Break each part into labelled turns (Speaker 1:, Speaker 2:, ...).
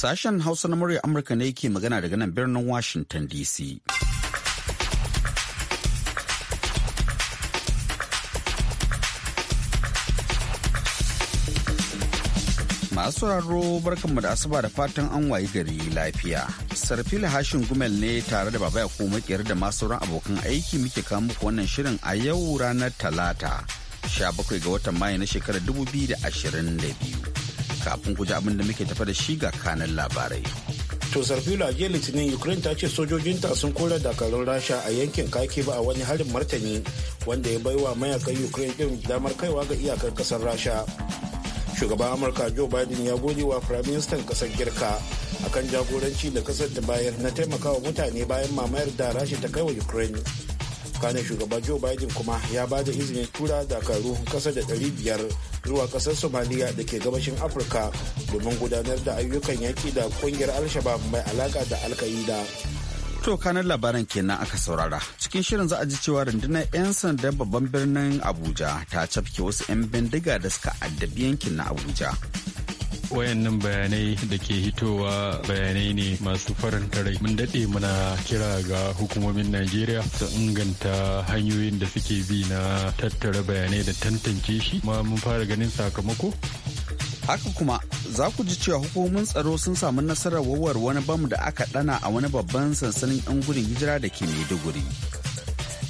Speaker 1: Sashen Hausa na murya Amurka ne ke magana daga nan birnin Washington DC. Masu sauraro barkanmu da asuba da fatan an wayi gari lafiya. Sarfila hashin gumel ne tare da baba ko makiyar da masu sauran abokan aiki muke kawo muku wannan shirin a yau ranar talata 17 ga watan mayu na shekarar 2022. kafin guji abin da muke tafa da shi ga kanan labarai.
Speaker 2: To Sarfilo a jiya Litinin Ukraine ta ce sojojinta sun kora dakarun Rasha a yankin kaki ba a wani harin martani wanda ya baiwa mayakan Ukraine din damar kaiwa ga iyakar kasar Rasha. Shugaban Amurka Joe Biden ya gode wa Firaministan kasar Girka akan jagoranci da kasar da bayar na taimakawa mutane bayan mamayar da Rasha ta kaiwa Ukraine. kanin shugaba joe biden kuma ya ba da izinin tura dakaru kasa da 500 zuwa kasar somaliya da ke gabashin afirka domin gudanar da ayyukan yaki da kungiyar alshabab mai alaka da alka'ida
Speaker 1: To kanar labaran kenan aka saurara. Cikin shirin za a ji cewa rundunar 'yan sandan babban birnin Abuja ta cafke wasu 'yan bindiga da suka addabi yankin na Abuja.
Speaker 3: wayannan bayanai da ke hitowa bayanai ne masu faranta rai mun daɗe muna kira ga hukumomin najeriya su inganta hanyoyin da suke bi na tattara bayanai da tantance shi ma mun fara ganin sakamako haka kuma
Speaker 1: za ku ji cewa hukumomin tsaro sun samu nasarar wawar wani bam da aka dana a wani babban sansanin 'yan gudun hijira da ke maiduguri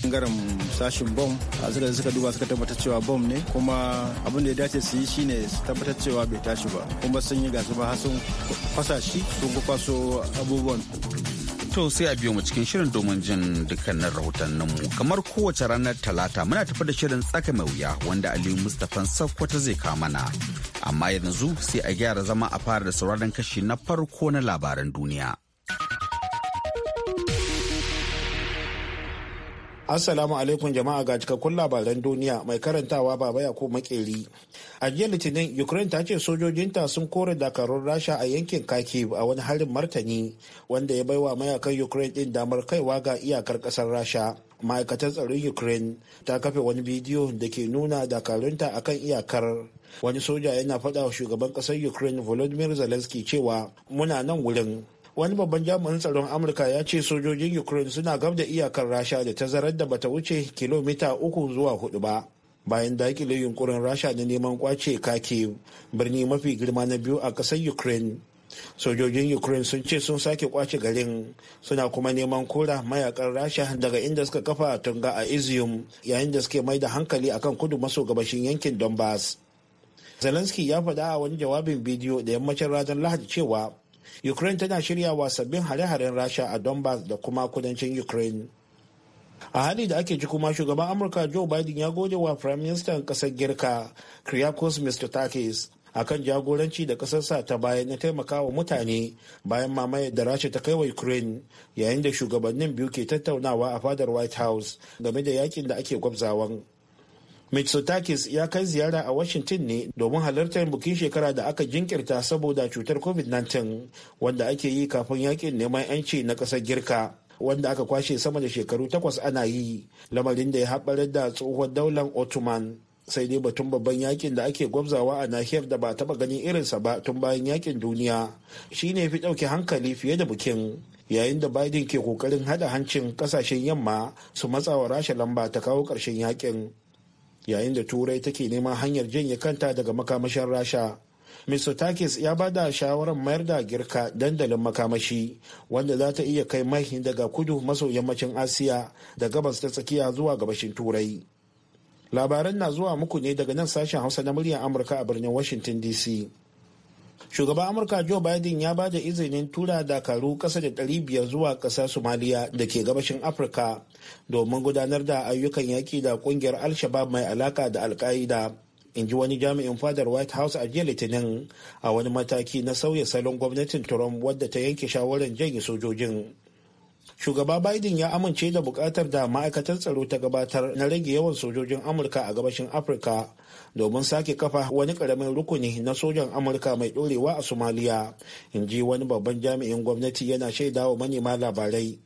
Speaker 4: ɓangaren sashin bom suka suka duba suka tabbatar cewa bom ne kuma abin da ya dace su yi ne su tabbatar cewa bai tashi ba kuma sun yi gasu ba sun fasa shi sun kwaso abubuwan
Speaker 1: to sai a biyo mu cikin shirin domin jin dukkanin mu kamar kowace ranar talata muna tafi da shirin tsaka mai wuya wanda aliyu mustapha sakkwata zai mana amma yanzu sai a gyara zama a fara da sauraron kashi na farko na labaran duniya.
Speaker 2: Assalamu alaikum jama'a ga cikakkun labaran duniya mai karantawa baba ya ko makeri. A jiya litinin Ukraine ta ce sojojinta sun kore dakarun Rasha a yankin Kharkiv a wani harin martani wanda ya baiwa mayakan Ukraine din damar kaiwa ga iyakar kasar Rasha. Ma'aikatar tsaron Ukraine ta kafe wani bidiyo da ke nuna dakarunta akan iyakar wani soja yana faɗa wa shugaban ƙasar Ukraine Volodymyr Zelensky cewa muna nan wurin wani babban jami'in tsaron amurka ya ce sojojin ukraine suna gab da iyakar rasha da tazarar da bata wuce kilomita uku zuwa hudu ba bayan dakile yunkurin rasha na neman kwace kake birni mafi girma na biyu a ƙasar ukraine sojojin ukraine sun ce sun sake kwace garin suna kuma neman kura mayakan rasha daga inda suka kafa tunga a izium yayin da suke mai da hankali akan kudu maso gabashin yankin donbass zelensky ya faɗa a wani jawabin bidiyo da yammacin ranar lahadi cewa ukraine tana shiryawa sabbin hare-haren rasha a donbass da kuma kudancin ukraine a hali da ake ji kuma shugaban amurka joe biden ya gode wa prime minister kasar girka kriakos A kan jagoranci da kasarsa ta bayan na taimakawa mutane bayan mamayar da rasha ta kai wa ukraine yayin da shugabannin biyu ke tattaunawa a fadar white house game da yakin da ake gwabzawan mitsotakis ya kai ziyara a washington ne domin halartar bukin shekara da aka jinkirta saboda cutar covid-19 wanda ake yi kafin yakin neman 'yanci na ƙasar girka wanda aka kwashe sama da shekaru takwas ana yi lamarin da ya haɓar da tsohuwar daular ottoman sai dai batun babban yakin da ake gwabzawa a nahiyar da ba taɓa ganin irinsa ba tun bayan yakin duniya shine fi ɗauke hankali fiye da bukin yayin da biden ke kokarin haɗa hancin ƙasashen yamma su matsawa rasha lamba ta kawo ƙarshen yakin yayin da turai take neman hanyar janye kanta daga makamashin rasha mr takis ya ba da shawarar mayar da girka dandalin makamashi wanda za ta iya kai mai daga kudu maso yammacin asiya da gabas ta tsakiya zuwa gabashin turai labaran na zuwa muku ne daga nan sashen hausa na muryar amurka a birnin washington dc shugaban amurka joe biden ya ba da izinin tura dakaru kasa da ɗari biyar zuwa ƙasar somaliya da ke gabashin afirka domin gudanar da ayyukan yaƙi da ƙungiyar al-shabab mai alaka da alka'ida in ji wani jami'in fadar white house a jiya litinin a wani mataki na sauya salon gwamnatin trump wadda ta yanke shawarar janye sojojin shugaba biden ya amince da bukatar da ma'aikatar tsaro ta gabatar na rage yawan sojojin amurka a gabashin afirka domin sake kafa wani karamin rukuni na sojan amurka mai dorewa a somaliya in ji wani babban jami'in gwamnati yana shaidawa manema labarai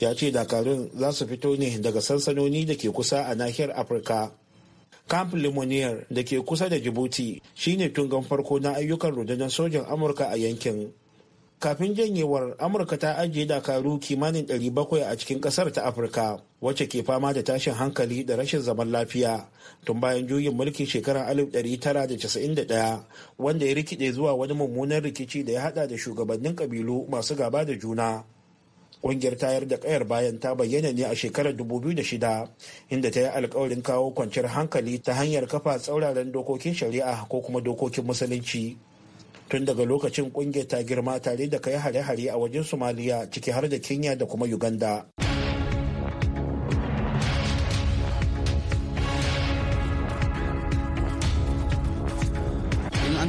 Speaker 2: ya ce dakarun za su fito ne daga sansanoni da ke kusa a nahiyar afirka camp limonier da ke kusa da jibuti shine tungan farko na ayyukan rundunar sojan amurka a yankin kafin janyewar amurka ta ajiye dakaru kimanin 700 a cikin kasar ta afirka wacce ke fama da tashin hankali da rashin zaman lafiya tun bayan juyin mulki shekarar 1991 wanda ya rikide zuwa wani mummunan rikici da ya hada da shugabannin kabilu masu gaba da juna ƙungiyar tayar da kayar bayan ta bayyana ne a shekarar 2006 inda ta yi alkawarin kawo kwanciyar hankali ta hanyar kafa tsauraran dokokin shari'a ko kuma dokokin musulunci tun daga lokacin kungiyar ta girma tare da kai hare-hare a wajen somaliya ciki har da kenya da kuma
Speaker 1: uganda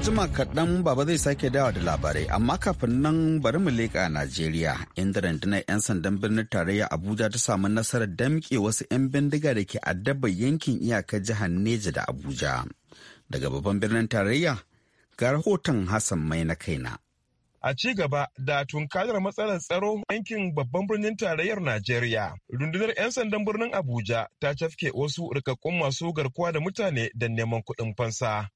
Speaker 1: jima kaɗan baba zai sake dawa da labarai amma kafin nan bari mu leƙa najeriya inda rundunar 'yan sandan birnin tarayya abuja ta samu nasarar damƙe wasu 'yan bindiga da ke addaba yankin iyakar jihar neja da abuja daga babban birnin tarayya Ga rahoton Hassan mai na kaina.
Speaker 5: a ci gaba da tunkarar matsalar tsaro yankin babban birnin tarayyar Najeriya. Rundunar 'yan sandan birnin Abuja ta cafke wasu rikakkun masu garkuwa da mutane da neman kuɗin fansa.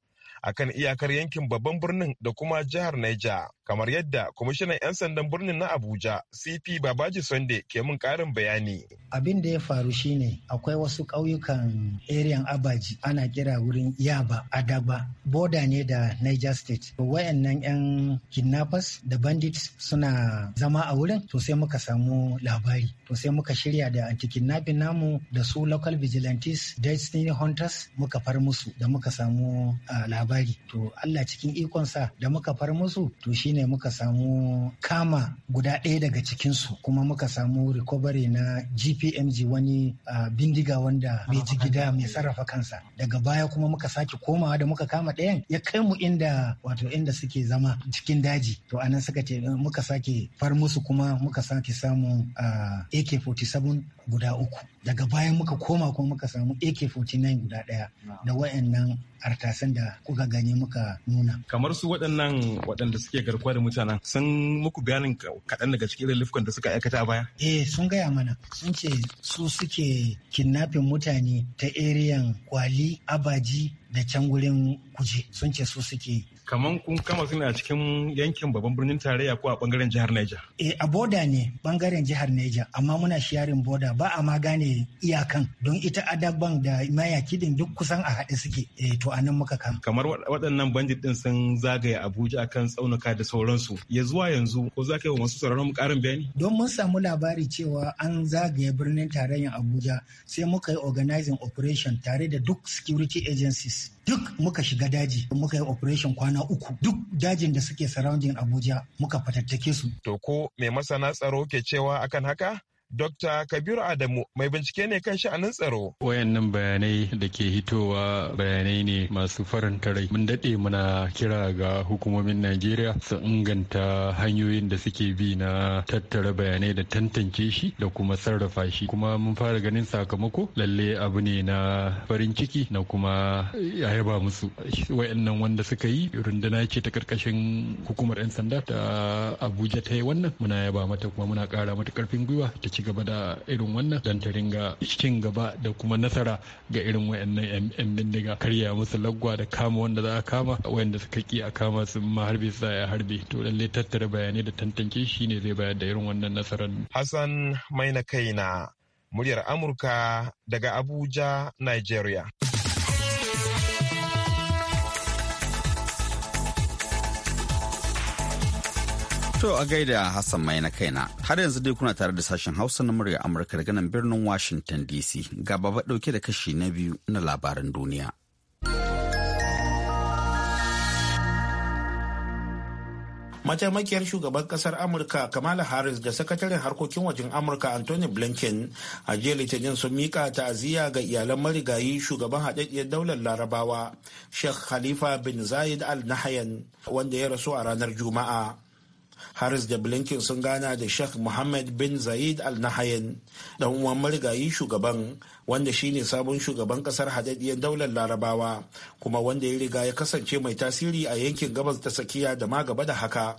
Speaker 5: akan iyakar yankin babban birnin da kuma jihar Niger. Kamar yadda kwamishinan 'yan sandan birnin na Abuja CP Babaji Sunday ke mun karin bayani.
Speaker 6: Abin da ya faru shine akwai wasu ƙauyukan eriyan Abaji ana kira wurin Yaba Adaba boda ne da Niger State. Wayannan 'yan kidnappers da bandits suna zama a wurin to sai muka samu labari. To sai muka shirya da anti-kidnapping namu da su local vigilantes Destiny Hunters muka far musu da muka samu ah, labari. labari to Allah cikin ikonsa da muka far musu to shine muka samu kama guda ɗaya daga cikinsu kuma muka samu recovery na gpmg wani uh, bindiga wanda ji gida mai sarrafa kansa daga baya kuma muka sake komawa da muka kama ɗayan ya kai mu inda wato inda suke zama cikin daji to anan suka ce eh, muka sake far musu kuma muka sake samu uh, ak-47 guda uku daga bayan muka koma kuma muka samu ak-49 guda daya da wayannan artasan da kuka gani muka nuna
Speaker 5: kamar su waɗannan waɗanda suke garkuwa da mutanen sun muku bayanin kaɗan daga cikin reliefkan da suka aikata baya
Speaker 6: eh sun gaya mana sun ce su suke kidnapping mutane ta eriyan kwali abaji da can gurin kuje sun ce su suke
Speaker 5: kamar kun kama suna cikin yankin babban birnin tarayya ko a bangaren jihar Niger?
Speaker 6: Eh a boda ne bangaren jihar Niger amma muna shiyarin boda ba a ma gane iyakan don ita adaban da mayaki din duk kusan a haɗe suke e to a nan muka kama.
Speaker 5: Kamar waɗannan bandit din sun zagaye Abuja akan tsaunuka da sauransu ya zuwa yanzu ko za ka yi wa masu sauraron ƙarin bayani?
Speaker 6: Don mun samu labari cewa an zagaye birnin tarayyan Abuja sai muka yi organizing operation tare da duk security agencies duk muka shiga daji muka yi operation kwana uku duk dajin da suke surrounding abuja muka fatattake su to ko
Speaker 5: mai masana tsaro ke cewa akan haka Dr. Kabiru Adamu mai bincike ne kan sha'anin tsaro.
Speaker 3: Wayannan bayanai da ke hitowa bayanai ne masu faranta rai. Mun daɗe muna kira ga hukumomin Najeriya su inganta hanyoyin da suke bi na tattara bayanai da tantance shi da kuma sarrafa shi. Kuma mun fara ganin sakamako lalle abu ne na farin ciki na kuma yaba musu. Wayannan wanda suka yi runduna ce ta karkashin hukumar 'yan sanda ta Abuja ta yi wannan muna yaba mata kuma muna ƙara mata ƙarfin gwiwa ta ci gaba da irin wannan don ta ringa cikin gaba da kuma nasara ga irin wayannan yan bindiga karya musu lagwa da kama wanda za a kama wayanda suka ki a kama su ma harbe su ya harbe to lalle tattara bayanai da tantance shi ne zai bayar da irin wannan nasarar. Hassan
Speaker 5: Maina na muryar Amurka daga Abuja, Nigeria.
Speaker 1: To a gaida Hassan mai na kaina har yanzu dai kuna tare da sashen Hausa na murya Amurka daga nan birnin Washington DC ga baba dauke da kashi na biyu na labaran duniya.
Speaker 2: mataimakiyar shugaban kasar amurka kamala harris da sakataren harkokin wajen amurka anthony blinken a jiya litinin sun mika ta'aziyya ga iyalan marigayi shugaban haɗaɗɗiyar daular larabawa sheikh khalifa bin zayed al nahyan wanda ya rasu a ranar juma'a haris da blinken sun gana da sheikh mohammed bin zayed al nahyan dan uwan marigayi shugaban wanda shine sabon shugaban kasar hadaddiyar daular larabawa kuma wanda ya riga ya kasance mai tasiri a yankin gabas ta tsakiya da ma gaba da haka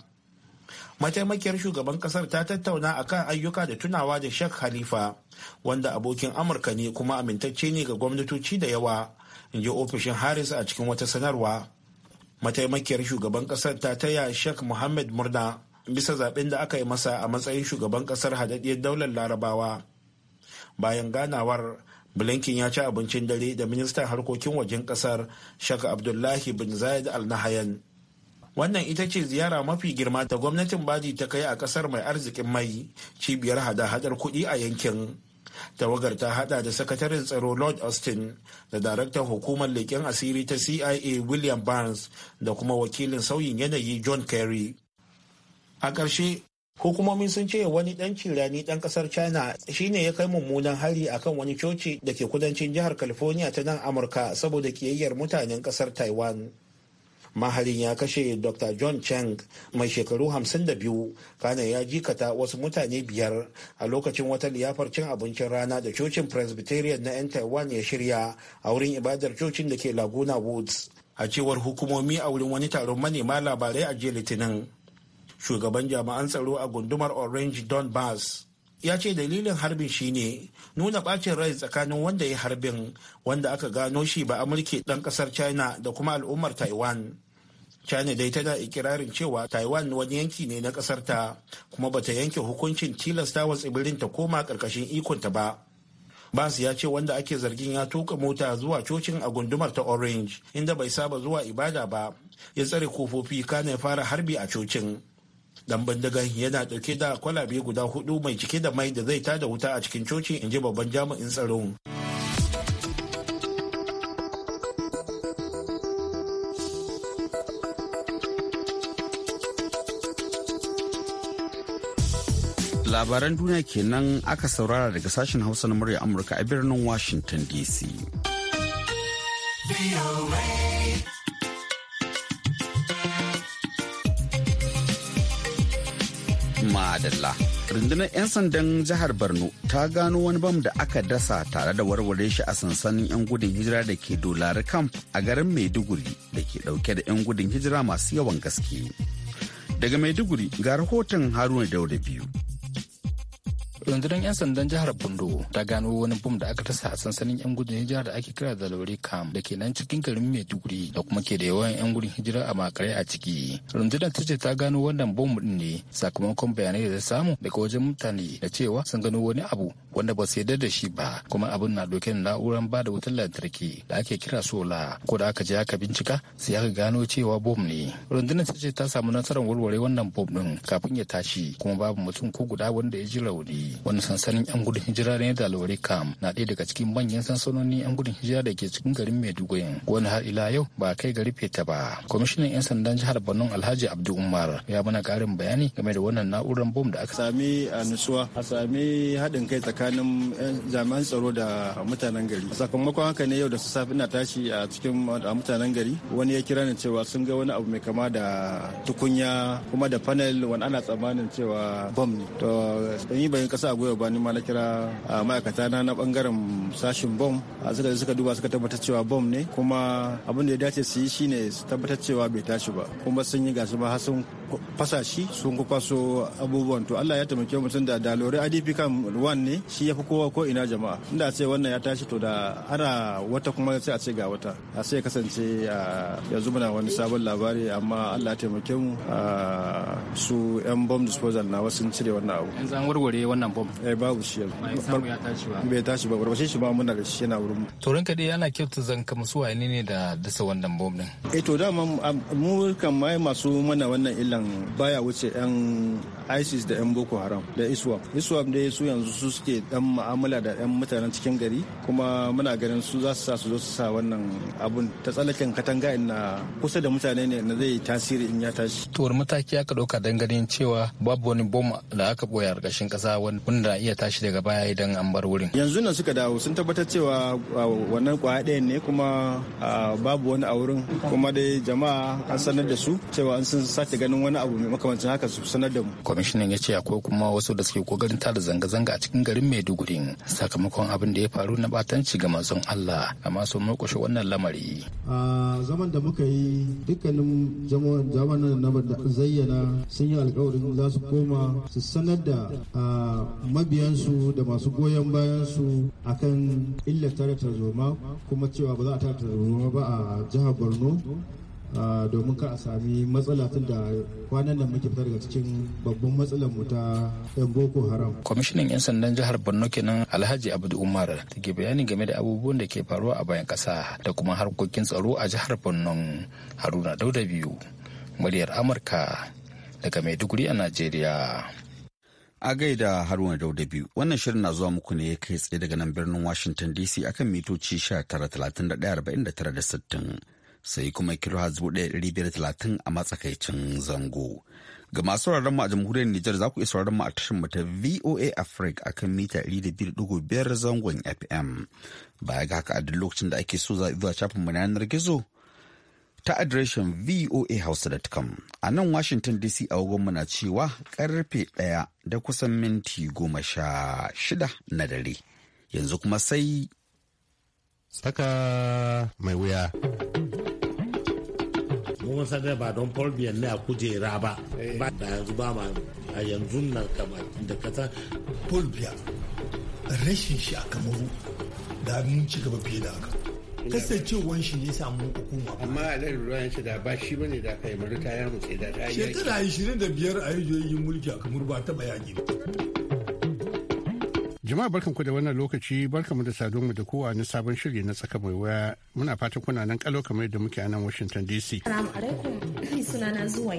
Speaker 2: mataimakiyar shugaban kasar ta tattauna akan ayyuka da tunawa da sheikh khalifa wanda abokin amurka ne kuma amintacce ne ga gwamnatoci da yawa in ji ofishin haris a cikin wata sanarwa mataimakiyar shugaban kasar ta taya sheikh muhammed murna bisa zaben da aka yi masa a matsayin shugaban kasar hadaddiyar daular larabawa bayan ganawar blinken ya ci abincin dare da ministan harkokin wajen kasar shaka abdullahi bin zayed al nahayan wannan ita ce ziyara mafi girma da gwamnatin baji ta kai a kasar mai arzikin mai cibiyar hada-hadar kuɗi a yankin tawagar ta hada da sakataren tsaro lord austin da daraktan hukumar leƙen asiri ta cia william barnes da kuma wakilin sauyin yanayi john kerry a ƙarshe hukumomi sun ce wani ɗan cirani ɗan ƙasar china shine ya kai mummunan hari akan wani coci da ke kudancin jihar california ta nan amurka saboda kiyayyar mutanen ƙasar taiwan maharin ya kashe dr john cheng mai shekaru 52 kana ya jikata wasu mutane biyar a lokacin wata liyafar cin abincin rana da cocin presbyterian na 'yan taiwan ya shirya a wurin ibadar cocin da ke laguna woods a cewar hukumomi a wurin wani taron manema labarai a jiya litinin shugaban jami'an tsaro a gundumar orange don bass ya ce dalilin harbin shine nuna bacin rai tsakanin wanda ya harbin wanda aka gano shi ba amurke dan kasar china da kuma al'ummar taiwan china dai tana ikirarin cewa taiwan wani yanki ne na kasar ta kuma bata yanke hukuncin tilasta wa tsibirin ta koma karkashin ta ba Bas ya ce wanda ake zargin ya tuka mota zuwa cocin a gundumar ta Orange inda bai saba zuwa ibada ba ya tsare kofofi kana ya fara harbi a cocin. dan bindigan yana dauke da kwalabe guda hudu mai cike da mai da zai tada wuta a cikin coci in ji babban jami'in tsaro.
Speaker 1: labaran duniya kenan aka saurara daga sashen hausa na murya amurka a birnin washington dc Madalla. Rundunar 'yan sandan jihar Borno ta gano wani bam da aka dasa tare da warware shi a sansanin 'yan gudun hijira da ke Dolari Camp a garin Maiduguri da ke dauke da 'yan gudun hijira masu yawan gaske. Daga Maiduguri ga rahoton Haruna daura biyu.
Speaker 7: rundunar 'yan sandan jihar Bondo ta gano wani bom da aka tasa a sansanin 'yan gudun hijira da ake kira da Lore Camp da ke nan cikin garin Maiduguri da kuma ke da yawan 'yan gudun hijira a makare a ciki. Rundunar ta ce ta gano wannan bom din ne sakamakon bayanai da ta samu daga wajen mutane da cewa sun gano wani abu wanda ba su yarda da shi ba kuma abin na dauke da na'urar ba da wutar lantarki da ake kira sola ko da aka je aka bincika sai aka gano cewa bom ne. Rundunar ta ce ta samu nasarar warware wannan bom din kafin ya tashi kuma babu mutum ko guda wanda ya ji rauni. wani sansanin yan gudun hijira ne da kam na ɗaya daga cikin manyan sansanoni yan gudun hijira da ke cikin garin maiduguri wani har ila yau ba kai gari ta ba kwamishinan yan sandan jihar borno alhaji abdu umar ya mana ƙarin bayani game da wannan na'urar bom da aka
Speaker 4: sami a uh, nutsuwa a sami haɗin kai tsakanin eh, jami'an tsaro da mutanen gari sakamakon haka ne yau da su safi ina tashi a cikin mutanen gari wani ya kira ni cewa sun ga wani abu mai kama da tukunya kuma da panel wani ana tsammanin cewa bom ne to eh, yi bayan kasa sa gwiwa ba ni ma na kira ma'aikata na na bangaren sashin bom suka suka duba suka tabbatar cewa bom ne kuma abin da ya dace su yi shine su tabbatar cewa bai tashi ba kuma sun yi gasu ba har sun fasa shi sun kwaso abubuwan to Allah ya taimake mutum da da lori IDP kan wan ne shi ya fi kowa ko ina jama'a inda a ce wannan ya tashi to da ana wata kuma sai a ce ga wata a sai kasance yanzu muna wani sabon labari amma Allah ya taimake mu su yan bom disposal na wasu cire wannan abu yanzu an warware wannan bom eh babu shi yanzu bai tashi ba barbashin shi ba muna da shi yana wurin
Speaker 7: to ranka dai ana kyautu zanka musu wani ne da dasa wannan bom din
Speaker 4: eh to dama mu kan mai masu mana wannan illan baya wuce yan ISIS da yan Boko Haram da ISWAP ISWAP dai su yanzu su suke dan mu'amala da yan mutanen cikin gari kuma muna ganin su za su sa su zo su sa wannan abun ta tsallaken katanga na kusa da mutane ne na zai tasiri in ya tashi.
Speaker 7: wani mataki aka dauka dan ganin cewa babu wani bom da aka ɓoye a ƙarƙashin ƙasa wani wanda iya tashi daga baya idan an bar wurin
Speaker 4: yanzu nan suka dawo sun tabbatar cewa wannan kwaya ɗayan ne kuma babu wani a wurin kuma dai jama'a an sanar da su cewa an sun sake ganin wani
Speaker 7: abu mai makamancin haka su sanar da mu kwamishinan ya ce akwai kuma wasu da suke kokarin tada zanga-zanga a cikin garin maiduguri sakamakon abin da ya faru na batanci ga mazan allah amma sun murƙushe wannan lamari
Speaker 4: a zaman da muka yi dukkanin jama'an na zayyana sun yi alkawarin za su koma su sanar da mabiyansu da masu goyon bayansu akan illar tare tarzoma kuma cewa ba za a tare tarzoma ba a jihar borno domin ka a sami matsala tun da kwanan nan muke fita daga cikin babban matsalar mu ta yan boko haram.
Speaker 7: kwamishinan yan sandan jihar borno kenan alhaji abdu umar da ke bayani game da abubuwan da ke faruwa a bayan kasa da kuma harkokin tsaro a jihar borno haruna dauda biyu muryar amurka
Speaker 1: daga maiduguri a najeriya. A gaida Haruna Dauda biyu wannan shirin na zuwa muku ne kai tsaye daga nan birnin Washington DC akan mitoci 19,31,49,60 sai kuma kilo hazbu 1,530 a matsakaicin zango. Ga masu sauraron mu a jamhuriyar Nijar za ku iya sauraron mu a tashar mu ta VOA Africa akan mita 200.5 zangon FM. Baya ga haka a duk lokacin da ake so za zuwa shafin mu na yanar gizo ta adireshin voahouse.com a nan washington dc a mu cewa karfe ɗaya da kusan minti goma sha shida na dare yanzu kuma sai tsaka mai wuya
Speaker 8: mun sanar ba don Paul biyan ne a kujera ba eh. ba da yanzu ba ma a yanzu nan kama da kasa Paul Biya
Speaker 9: rashin shi a kamaru da mun ci gaba fiye da haka kasancewan shi ne samu hukuma
Speaker 10: amma alal ruwan ce da ba shi bane da kai ta yamu mutse da ta yi
Speaker 9: shekara biyar a yi mulki a kamar ba taba ba.
Speaker 10: Jama'a barkanku da wannan lokaci barkanmu da mu da kowa na sabon shiri na tsaka mai waya muna fatan kuna nan kalau kamar yadda muke a nan Washington DC.
Speaker 4: Assalamu alaikum zuwa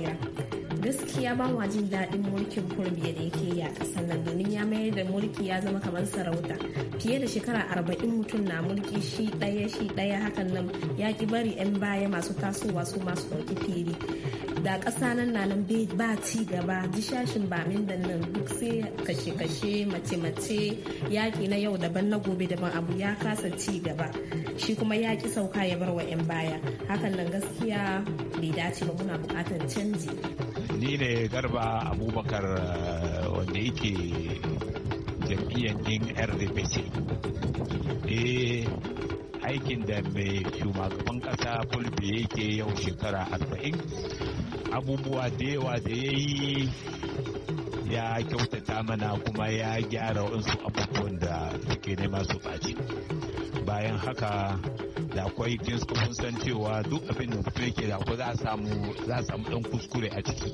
Speaker 4: gaskiya ba ma jin daɗin mulkin kurbiya da yake yi a ƙasar nan domin ya mayar da mulki ya zama kamar sarauta fiye da shekara arba'in mutum na mulki shi ɗaya shi ɗaya hakan nan ya ki bari 'yan baya masu tasowa su masu ɗauki fili da ƙasa nan na nan ba ci gaba dishashin min da nan duk sai kashe-kashe mace-mace yaƙi na yau daban na gobe daban abu ya kasa ci gaba shi kuma ya ki sauka ya bar wa 'yan baya hakan nan gaskiya bai dace ba muna buƙatar canji
Speaker 5: ni ne garba abubakar eh, wanda yake jam'iyyar din rdpc eh aikin da mai shugaban kasa fulbe yake yau shekara arba'in abubuwa da yawa da ya yi ya kyautata mana kuma ya gyara wasu abubuwan da suke nema su ɓaci bayan haka da akwai kun san cewa duk abin da mutum yake da akwai za a samu dan kuskure a ciki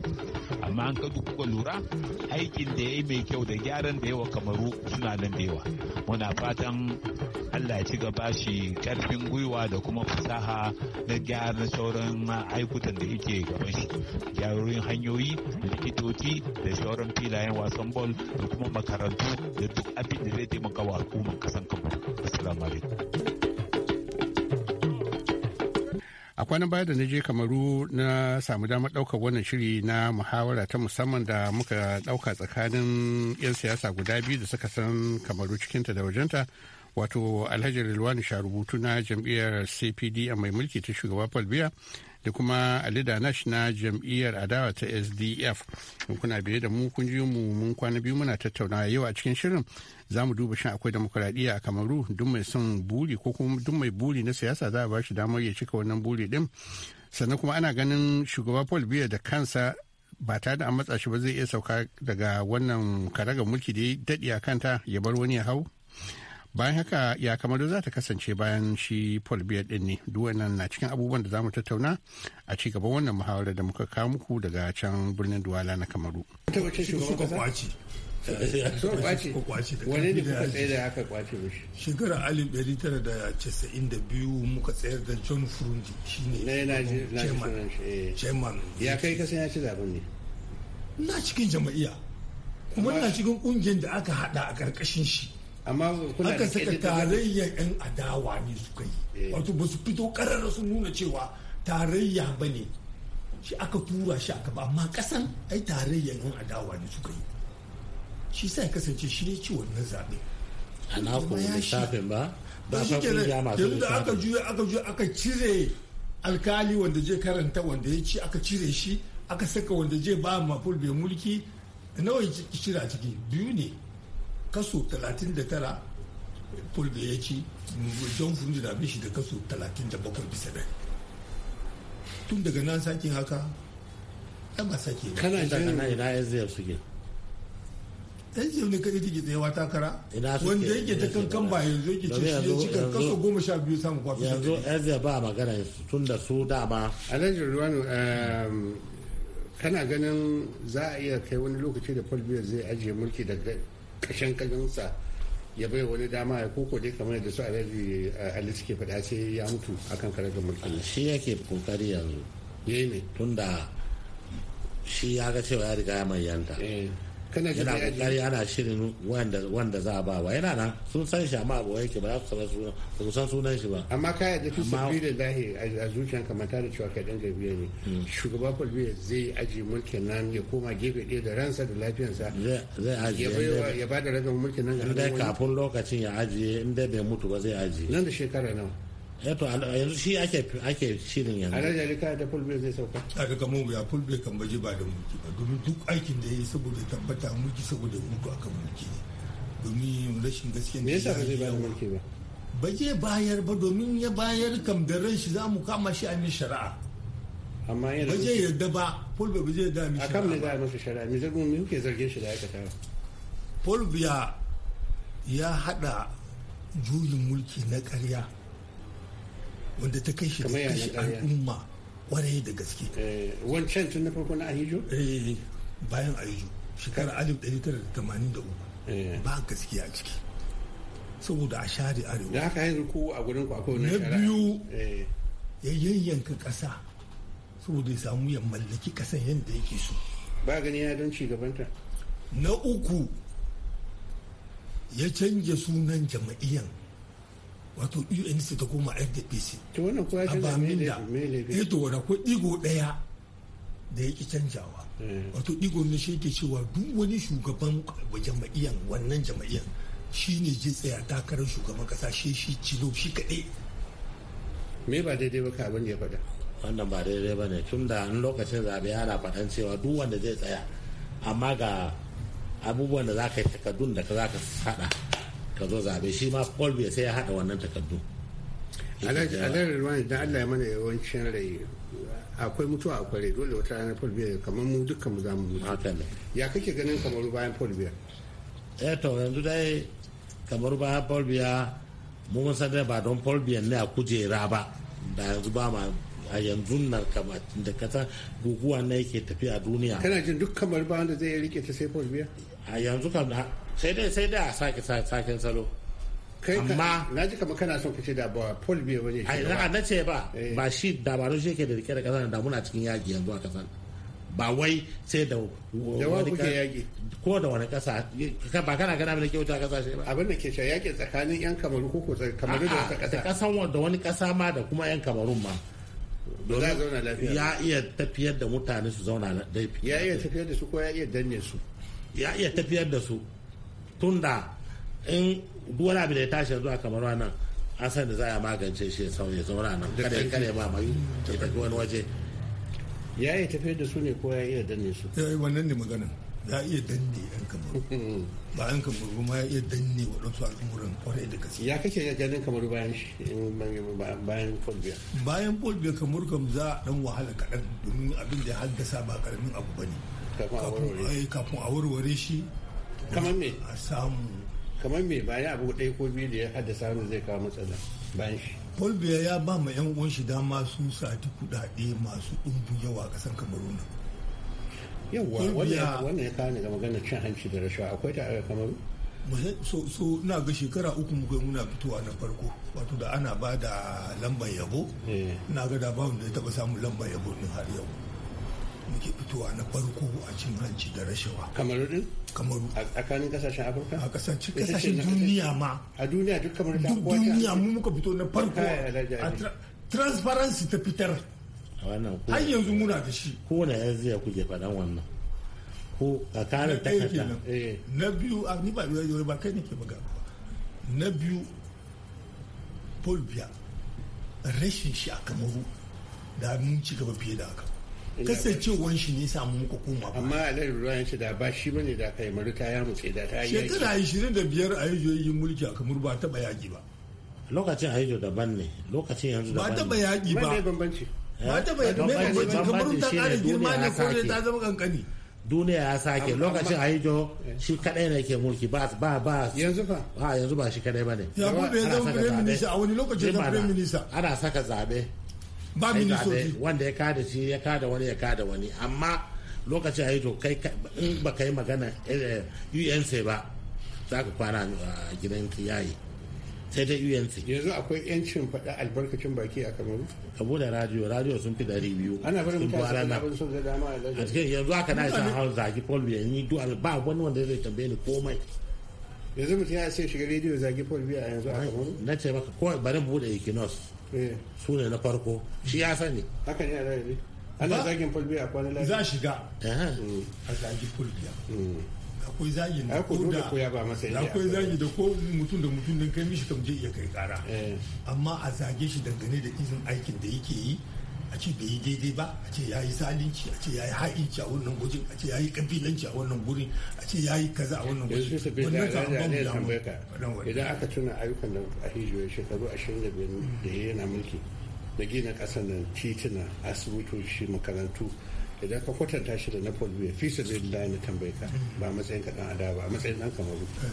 Speaker 5: amma an ka kuka lura aikin da ya yi mai kyau da gyaran da yawa kamaru suna nan da yawa muna fatan allah ya ci gaba shi karfin gwiwa da kuma fasaha na gyara sauran aikutan da yake gaban shi gyarorin hanyoyi likitoci da sauran filayen wasan bol da kuma makarantu da duk abin da zai taimaka wa al'umman kasan kamaru assalamu alaikum
Speaker 10: a kwanan baya da na je kamaru na samu damar ɗaukar wannan shiri na muhawara ta musamman da muka ɗauka tsakanin 'yan siyasa guda biyu da suka san kamaru cikinta da wajenta wato alhaji rilwani rubutu na jam'iyyar cpd a mai mulki ta shugaba biya. da kuma Alida na jam'iyyar adawa ta SDF. In kuna biye da mu kun ji mu mun kwana biyu muna tattaunawa yau a cikin shirin za mu duba shin akwai demokuraɗiyya a Kamaru duk mai son buri ko kuma duk mai buri na siyasa za a ba shi damar ya cika wannan buri din. Sannan kuma ana ganin shugaba Paul Biya da kansa ba tare da an matsa shi ba zai iya sauka daga wannan karagar mulki da ya daɗi a kanta ya bar wani ya hau. bayan haka ya kamar za ta kasance bayan shi paul biyar din ne duwannan na cikin abubuwan da za mu tattauna a ci gaban wannan muhawarar da muka kawo muku daga can birnin duwala na kamaru da haka eh.
Speaker 9: na cikin jama'iya kuma na cikin kungiyar da aka hada a karkashin shi amma kuna da saka tarayya yan adawa ne suka yi eh. wato ba su fito karara sun nuna cewa tarayya ba ne shi aka tura shi aka ba amma kasan ai tarayya yan adawa ne suka yi shi sa ya kasance shi ne ci na zaɓe a na ku lissafin
Speaker 8: ba ba shi kenan aka
Speaker 9: juya aka juya aka cire alkali wanda je karanta wanda ya ci aka cire shi aka saka wanda je ba mafulbe mulki nawa ya cira ciki biyu ne kaso 39 da ya ci john fundi da bishi da kaso 37 bisa da tun daga nan sake haka ɗan ba sake kana da kana
Speaker 8: ina ya zai ke
Speaker 9: ɗan jiya ne kaɗai take tsayawa takara wanda yake ta kankan ba
Speaker 8: yanzu yake ce shi ya cika kaso
Speaker 9: goma sha biyu samu kwafi yanzu
Speaker 8: zai ba
Speaker 10: magana tun da su dama alhaji ruwanu ehm, kana ganin za a iya kai wani lokaci da paul biya zai ajiye mulki daga kashin kalminsa ya bai wani dama ya koko dai kamar da su alhaji eh, ali suke faɗa sai ya mutu akan karagar mulki shi yake kokari yanzu yayi ne tunda shi
Speaker 8: ya ga cewa ya riga ya mayanta eh. yana kokari ana shirin wanda za a ba wa yana nan sun san shi amma abuwa yake ba za su san sunan ba san sunan shi ba amma ka yadda fi sabbi da
Speaker 10: zahi a kamar kamata da cewa kai dan gabiya ne hmm. shugaba kulbiya zai aji mulkin nan ya koma gefe ɗaya da ransa da lafiyansa zai aji ya ba da ragin mulkin nan ga kafin
Speaker 8: lokacin ya ajiye in dai bai mutu ba zai ajiye nan da shekara nawa yato yanzu shi ake ake shirin yanzu alhaji
Speaker 9: ali kaya da pulbe zai sauka a daga mu ya pulbe kan baji ba da mulki ba domin duk aikin da ya yi saboda tabbata mulki saboda mulki aka mulki domin rashin gaskiya ne yasa ba zai
Speaker 10: ba da mulki ba
Speaker 9: ba bayar ba domin ya bayar kam da ran shi za mu kama shi a ni shari'a amma yana baje zai yarda ba pulbe baje zai mi mai akan ne da mu masa shari'a mi zargin mu kuke zargin shi da aka ta pulbe ya hada juyin mulki na ƙarya wanda ta kai shi ta kashe al'umma
Speaker 10: kwarai da gaske eh, wancan tun na farko na ahijo eh,
Speaker 9: bayan ahijo shekara 1983 eh. ba gaske a ciki saboda a share arewa da haka
Speaker 10: yanzu ko a gurin ku akwai na biyu
Speaker 9: ya yayyanka ƙasa saboda ya samu ya mallaki ƙasan yadda yake so
Speaker 10: ba gani ya don ci gabanta
Speaker 9: na uku ya canja sunan jama'iyyar wato unc ta koma fdpc
Speaker 10: ba min da eto wadda ko
Speaker 9: digo ɗaya da ya ƙi canjawa eh. wato digo na shi ke cewa duk wani shugaban jama'iyan wannan jama'iyan shi ne ji tsaya takarar shugaban kasa shi shi cino shi kaɗai me ba
Speaker 8: daidai ba ka abin ya faɗa wannan ba daidai ba ne tun da lokacin zaɓe ana faɗan cewa duk wanda zai tsaya amma ga abubuwan da za ka yi takardun da ka za ka ka zo zabe shi ma bai sai ya haɗa wannan takardu alhaji
Speaker 10: ruwan da allah ya mana yawancin rai akwai mutuwa a rai dole wata ranar paul biya kamar mu dukkan mu zamu mutu ya kake ganin kamar bayan paul biya eh to yanzu dai
Speaker 8: kamar bayan paul biya mun san ba don paul biya ne a kujera ba da yanzu ba ma a yanzu nan kamar da kata guguwa na yake tafi a duniya kana
Speaker 10: jin duk kamar bayan da zai rike ta sai paul biya a yanzu kam
Speaker 8: sai dai sai dai a sake saken salo
Speaker 10: amma na ji kamar kana son ka ce da ba paul biya wani shi ba na ce ba eh. ba
Speaker 8: shi dabarun shi ke da rike da kasa da muna cikin yaƙi yanzu a kasa ba wai sai da wani kuke yaƙi ko da wani ƙasa ba kana gana mai kyauta shi ba abin
Speaker 10: da ke shi yaƙi tsakanin yan kamaru ko ko kamaru da wata
Speaker 8: ƙasa kasa da wani ƙasa ma da kuma yan kamarun ma ya iya tafiyar da mutane su zauna da ya iya tafiyar da su ko ya iya danne su ya iya tafiyar da su tunda in duk wani abu da ya tashi zuwa kamar wannan an san da za a magance shi ya zauna nan kada ya kare ba mai ya tafi wani waje
Speaker 10: ya yi tafi da su ne ko ya iya danne su ya
Speaker 9: eh, yi wannan ne maganin ya iya danne yan kamaru ba yan kamaru ma ya iya danne waɗansu
Speaker 10: al'amuran kwarai da gaske ya kake ganin kamaru bayan bayan folbiya
Speaker 9: bayan folbiya kamaru kam za a dan wahala kaɗan domin abin da ya haddasa ba karamin abu ba ne kafin a warware shi eh,
Speaker 10: kamar me a samu kamar me bayan abu ɗaya ko biyu da ya haddasa mu zai kawo matsala bayan shi
Speaker 9: paul biya ya ba ma yan uwan shi dama su sati kuɗaɗe masu ɗumbu yawa a ƙasar kamarun
Speaker 10: yawa wannan ya kawo ne ga magana cin hanci da rashawa akwai ta a kamaru so so
Speaker 9: na ga shekara uku muka muna fitowa na farko wato da ana ba da lambar yabo eh. na ga da ba da ya taba samun lambar yabo din har yau muke fitowa na farko a cin hanci da rashawa
Speaker 10: kamaru din kamaru a tsakanin kasashen afirka a kasashen kasashen
Speaker 9: duniya ma a duniya duk kamar da duk duniya mu muka fito na farko a transparency ta fitar har yanzu muna da shi
Speaker 8: na yanzu ya kuke faɗan wannan ko a kare takarda
Speaker 9: eh. na biyu a ni ba biyu ba kai ne ke magana na biyu paul biya rashin shi a kamaru da mun ci gaba fiye da haka kasancewan shi ne samu muka koma ba
Speaker 10: amma alal ruwan shi da ba shi bane da kai marita ya mutse da ta yi shekara
Speaker 9: 25 a yi mulki a kamar ba taba yaki ba
Speaker 10: lokacin haijo daban ne lokacin yanzu daban ne. ba taba yaki ba bambanci ba taba yaki ne bambanci kamar ta kare girma ne ko ne ta zama kankani
Speaker 8: duniya ya sake lokacin haijo eh. shi kadai ne ke mulki ba ba ba yanzu ba a yanzu ba shi kadai bane ya gobe ya zama prime minister a wani lokacin da prime minister ana saka zabe ba ministoci wanda ya kada shi ya kada wani ya kada wani amma lokacin ayi to kai in ba kai magana eh, eh, unc ba za ka kwana a ah, gidan yayi sai dai unc yanzu akwai yancin faɗa albarkacin baki a kamaru ka bude radio radio sun fi ɗari biyu ana barin mutane da abin
Speaker 10: sun da dama a cikin yanzu haka na isa hau
Speaker 8: zagi paul biya ni duk ba wani wanda zai tambaye ni komai yanzu mutum ya ce shiga
Speaker 10: rediyo zagi paul biya yanzu a kamaru
Speaker 8: na ce maka ko bari bude ikinos Eh, su ne na farko
Speaker 10: shi ya sani haka ne a ana zagin fulbi a kwanan lafiya za shiga
Speaker 9: a zagi fulbiya mm. akwai zagin da ko da akwai zagi da ko mutum da mutum da kai mishi kamje iya kai kara eh. amma a zage shi dangane da izin aikin da yake yi a ce bai yi daidai ba a ce ya yi zalunci a ce ya yi ha'inci a wannan gujin a ce ya yi kabilanci a wannan gurin a ce ya yi kaza a wannan gujin eh, wannan ka an bamu damu idan
Speaker 10: aka tuna ayyukan nan a hijiyoyi shekaru ashirin da biyar da ya yana mulki da gina ƙasar nan titina asibitoci makarantu idan ka kwatanta shi da na bai fi su zai na tambayi ba matsayin ka dan ada ba matsayin dan kamaru eh.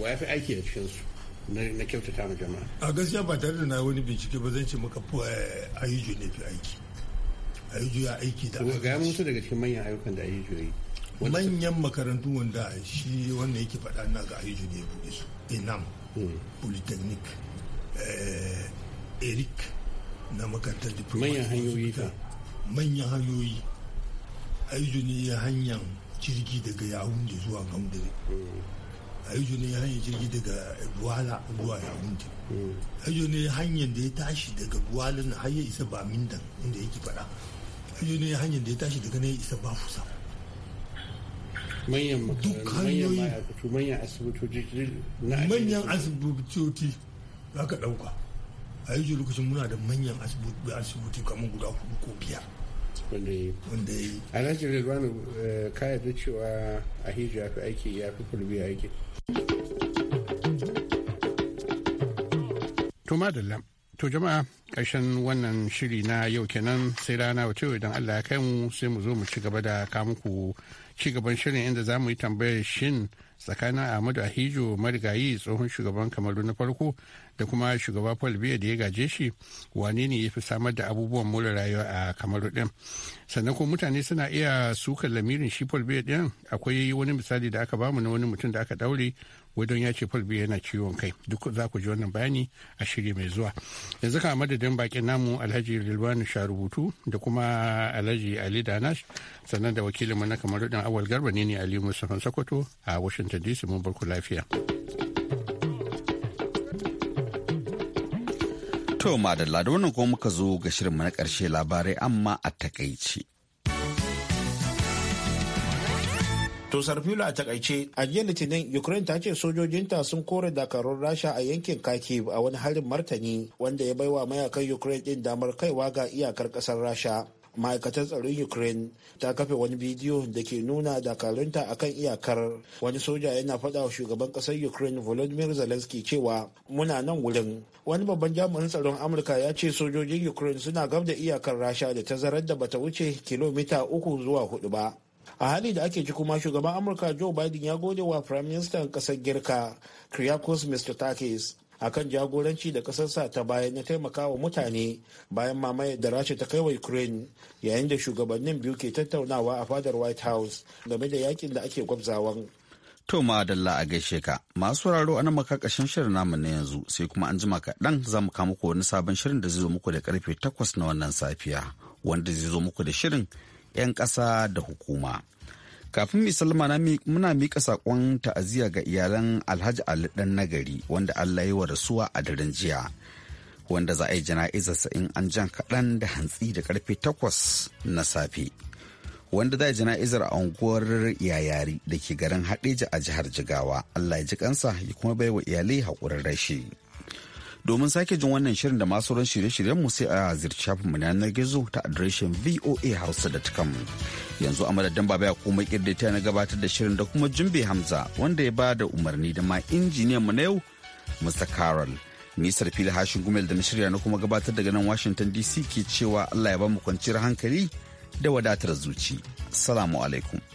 Speaker 10: wa ya fi aiki a cikinsu na kyautata ma jama'a
Speaker 9: a gaskiya ba tare da na wani bincike ba zan ce maka eh, ayuju ne fi aiki ayuju ya aiki da ga Gaya
Speaker 10: mutu daga cikin manyan ayyukan da ayuju
Speaker 9: yi manyan makarantu wanda shi wannan yake faɗa na ga ayuju ne buɗe su enam hmm. polytechnic eh, eric na makarantar diploma manyan hanyoyi ta manyan hanyoyi ayuju ne hanyar jirgi daga yawun da zuwa gamdare hmm. ajo ne hanyar jirgi daga buwala zuwa yawunde ajo ne hanyar da ya tashi daga buwala na har ya isa ba mindan inda yake faɗa ajo ne hanyar da ya tashi daga nan isa ba fusa
Speaker 10: manyan makarantu manyan asibitoci
Speaker 9: manyan asibitoci za ka ɗauka a yi lokacin muna da manyan asibiti kamar guda hudu ko
Speaker 10: biyar wanda yi alhaji rilwanu eh, ka yarda cewa a ya fi aiki ya fi kulbi aiki To jama'a ƙarshen wannan shiri na yau kenan sai rana wato idan Allah ya kai mu sai mu zo mu ci gaba da kamuku ci gaban shirin inda za mu yi tambayar shin tsakanin Ahmadu Ahijo marigayi tsohon shugaban Kamaru na farko da kuma shugaba Paul Biya da ya gaje shi wane ne ya fi samar da abubuwan more rayuwa a Kamaru din. Sannan ko mutane suna iya sukan lamirin shi Paul Biya din akwai wani misali da aka bamu na wani mutum da aka daure wadon ya ce falbi yana ciwon kai duk za ku ji wannan bayani a shiri mai zuwa yanzu da madadin bakin namu alhaji sha rubutu da kuma alhaji ali danash sannan da wakilin mu na kamar din awal garba ne ne ali musamman sokoto a washington dc mun ku lafiya
Speaker 1: to madalla da wannan kuma muka zo ga shirin na karshe labarai amma a takaici To Filo a takaice, a jiya Litinin Ukraine ta ce sojojinta sun kore
Speaker 2: dakarun Rasha a yankin Kharkiv a wani harin martani wanda ya baiwa mayakan Ukraine din damar kaiwa ga iyakar ƙasar Rasha. Ma'aikatar tsaron Ukraine ta kafe wani bidiyo da ke nuna dakarunta a kan iyakar wani soja yana faɗa wa shugaban ƙasar Ukraine Volodymyr Zelensky cewa muna nan wurin. Wani babban jami'in tsaron Amurka ya ce sojojin Ukraine suna gab da iyakar Rasha da tazarar da bata wuce kilomita uku zuwa hudu ba. a hali da ake ci kuma shugaban amurka joe biden ya gode wa prime minister kasar girka kriakos a kan jagoranci da kasarsa ta bayan na taimaka wa mutane bayan mamayar da rasha ta kai wa ukraine yayin da shugabannin biyu ke tattaunawa a fadar white house game da yakin da ake gwabzawan
Speaker 1: To dalla a gaishe ka masu sauraro ana maka kashin shirin namu na yanzu sai kuma an jima kaɗan za mu kawo muku wani sabon shirin da zai zo muku da karfe takwas na wannan safiya wanda zai zo muku da shirin 'yan ƙasa da hukuma. Kafin mai muna miƙa saƙon ta'aziyya ga iyalan Alhaji Ali ɗan nagari wanda Allah yi wa rasuwa a daren jiya. Wanda za a yi jana'izarsa in an jan kaɗan da hantsi da ƙarfe takwas na safe. wanda za a yi jana'izar a unguwar yayari da ke garin haɗeja a jihar jigawa allah ya ji kansa ya kuma bai wa iyalai haƙurin rashi Domin sake jin wannan shirin da masu ran shirye-shiryen mu sai a zirci shafin mu na yanar gizo ta adireshin voahausa.com. Yanzu a madadin baba ya kuma kirdaita na gabatar da shirin da kuma jimbe Hamza wanda ya ba da umarni da ma injiniyan mu na yau Mr. Carol. Nisar fili hashin gumel da na shirya na kuma gabatar daga nan Washington DC ke cewa Allah ya ba mu kwanciyar hankali da wadatar zuci. Salamu alaikum.